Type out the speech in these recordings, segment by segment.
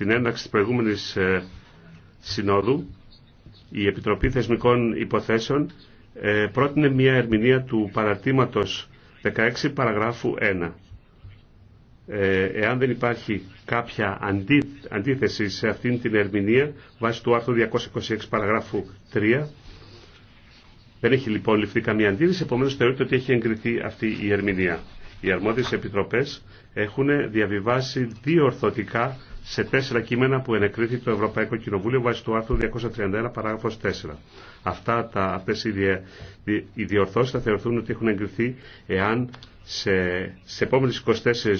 Στην έναρξη της προηγούμενης ε, συνόδου, η Επιτροπή Θεσμικών Υποθέσεων ε, πρότεινε μια ερμηνεία του παρατήματος 16 παραγράφου 1. Ε, εάν δεν υπάρχει κάποια αντίθεση σε αυτήν την ερμηνεία, βάσει του άρθρου 226 παραγράφου 3, δεν έχει λοιπόν ληφθεί καμία αντίθεση, επομένως θεωρείται ότι έχει εγκριθεί αυτή η ερμηνεία. Οι αρμόδιες επιτροπές έχουν διαβιβάσει δύο ορθωτικά σε τέσσερα κείμενα που ενεκρίθη το Ευρωπαϊκό Κοινοβούλιο βάσει του άρθρου 231 παράγραφος 4. Αυτά τα, αυτές οι, δια, διορθώσεις θα θεωρηθούν ότι έχουν εγκριθεί εάν σε, σε επόμενε 24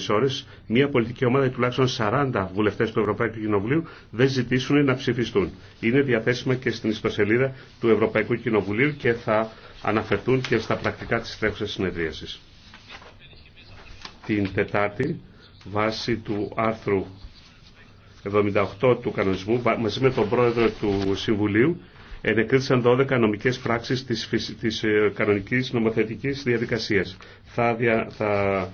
ώρες μια πολιτική ομάδα ή τουλάχιστον 40 βουλευτές του Ευρωπαϊκού Κοινοβουλίου δεν ζητήσουν να ψηφιστούν. Είναι διαθέσιμα και στην ιστοσελίδα του Ευρωπαϊκού Κοινοβουλίου και θα αναφερθούν και στα πρακτικά της τρέχουσα συνεδρίασης. Την Τετάρτη, βάσει του άρθρου 78 του κανονισμού μαζί με τον πρόεδρο του Συμβουλίου ενεκρίθησαν 12 νομικές πράξεις της, της ε, κανονικής νομοθετικής διαδικασίας. Θα, δια, θα,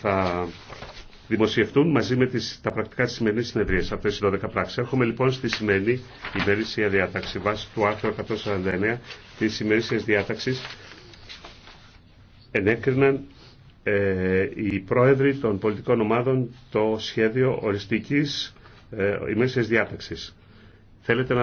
θα δημοσιευτούν μαζί με τις, τα πρακτικά της σημερινής συνεδρίας αυτές οι 12 πράξεις. έχουμε λοιπόν στη σημερινή ημερήσια διάταξη βάσει του άρθρου 149 της ημερήσιας διάταξης ενέκριναν ε, οι πρόεδροι των πολιτικών ομάδων το σχέδιο οριστικής ε, ημέρησης διάταξης. Θέλετε